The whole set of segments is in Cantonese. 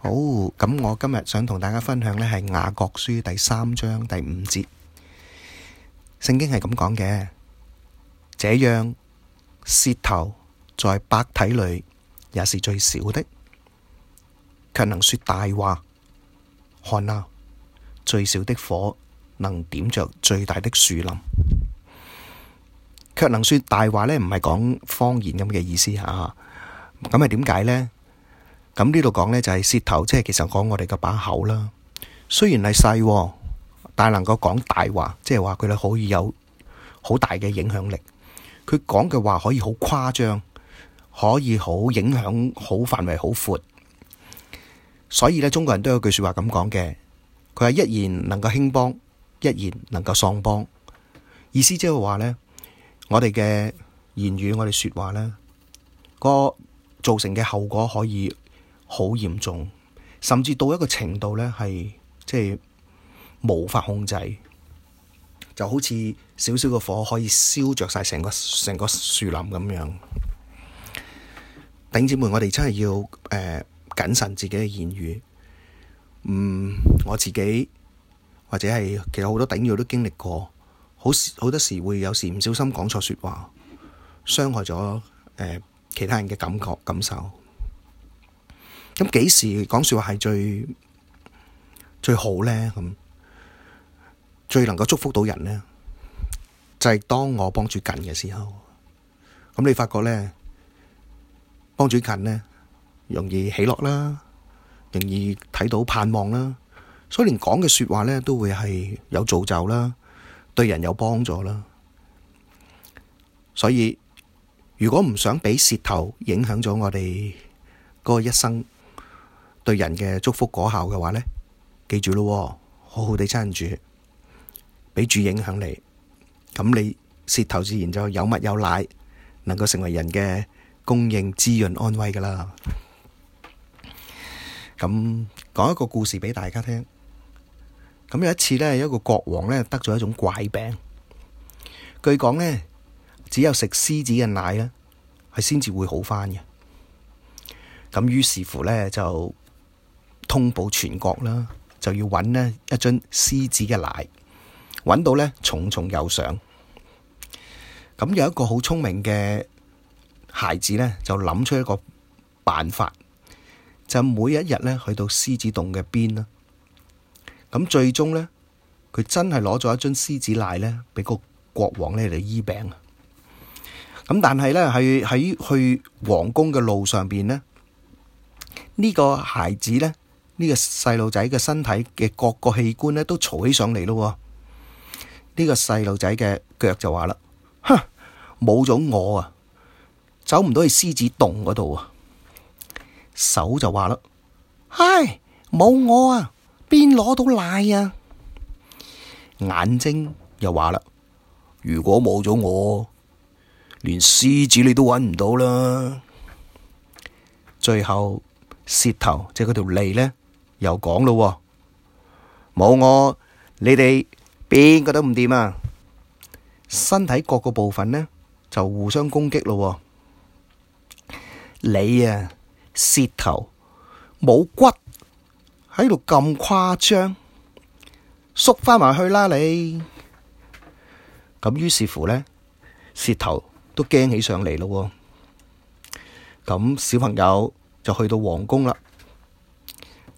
好，咁我今日想同大家分享咧，係雅各書第三章第五節，聖經係咁講嘅。這樣，舌頭在百體裏也是最小的，卻能說大話。看哪，最小的火能點着最大的樹林。卻能說大話呢，唔係講方言咁嘅意思啊。咁啊，點解呢？咁呢度講呢就係舌頭，即係其實講我哋嘅把口啦。雖然係細，但係能夠講大話，即係話佢哋可以有好大嘅影響力。佢講嘅話可以好誇張，可以好影響，好範圍好闊。所以呢，中國人都有句說話咁講嘅，佢係一言能夠興邦，一言能夠喪邦。意思即係話呢，我哋嘅言語，我哋說話呢，個造成嘅後果可以。好嚴重，甚至到一個程度呢，係即係無法控制，就好似少少個火可以燒着晒成個成個樹林咁樣。頂姐妹，我哋真係要誒、呃、謹慎自己嘅言語。嗯，我自己或者係其實好多頂友都經歷過，好好多時會有時唔小心講錯説話，傷害咗誒、呃、其他人嘅感覺感受。.咁幾時講說話係最最好咧？咁最能夠祝福到人咧，就係當我幫主近嘅時候。咁你發覺咧，幫住近咧，容易喜樂啦，容易睇到盼望啦，所以連講嘅說話咧都會係有造就啦，對人有幫助啦。所以如果唔想俾舌頭影響咗我哋嗰個一生，對人嘅祝福果效嘅話呢，記住咯，好好地撐住，俾主影響你，咁你舌頭自然就有蜜有奶，能夠成為人嘅供應滋潤安慰噶啦。咁講一個故事俾大家聽。咁有一次呢，有一個國王呢，得咗一種怪病，據講呢，只有食獅子嘅奶呢，係先至會好返嘅。咁於是乎呢，就。通報全國啦，就要揾咧一樽獅子嘅奶，揾到咧重重有賞。咁有一個好聰明嘅孩子咧，就諗出一個辦法，就是、每一日咧去到獅子洞嘅邊啦。咁最終咧，佢真係攞咗一樽獅子奶咧，俾個國王咧嚟醫病啊。咁但係咧，喺喺去王宮嘅路上邊咧，呢、呢個孩子咧。呢個細路仔嘅身體嘅各個器官咧都嘈起上嚟咯，呢、這個細路仔嘅腳就話啦：，哼，冇咗我啊，走唔到去獅子洞嗰度啊！手就話啦：，唉，冇我啊，邊攞到奶啊？眼睛又話啦：，如果冇咗我，連獅子你都揾唔到啦！最後舌頭即係嗰條脷咧。就是又講咯喎，冇我，你哋邊個都唔掂啊！身體各個部分呢，就互相攻擊咯喎。你啊，舌頭冇骨喺度咁誇張，縮返埋去啦你。咁於是乎呢，舌頭都驚起上嚟咯喎。咁小朋友就去到皇宮啦。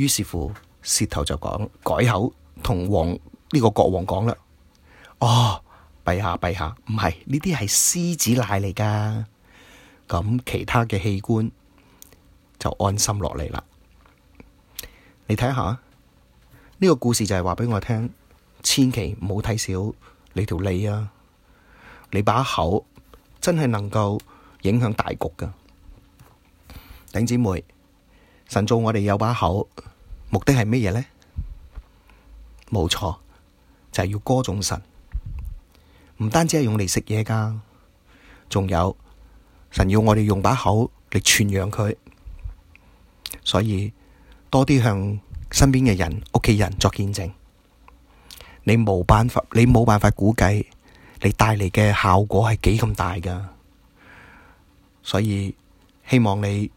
於是乎，舌頭就講改口，同王呢個國王講啦：哦，陛下，陛下，唔係，呢啲係獅子奶嚟噶。咁其他嘅器官就安心落嚟啦。你睇下，呢個故事就係話畀我聽，千祈唔好睇小你條脷啊！你把口真係能夠影響大局噶。頂姐妹。神做我哋有把口，目的係乜嘢呢？冇錯，就係要歌頌神。唔單止係用嚟食嘢噶，仲有神要我哋用把口嚟傳揚佢。所以多啲向身邊嘅人、屋企人作見證。你無辦法，你冇辦法估計你帶嚟嘅效果係幾咁大噶。所以希望你。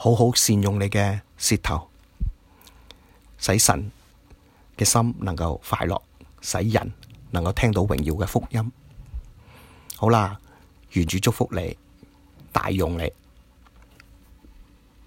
好好善用你嘅舌頭，使神嘅心能夠快樂，使人能夠聽到榮耀嘅福音。好啦，願主祝福你，大用你。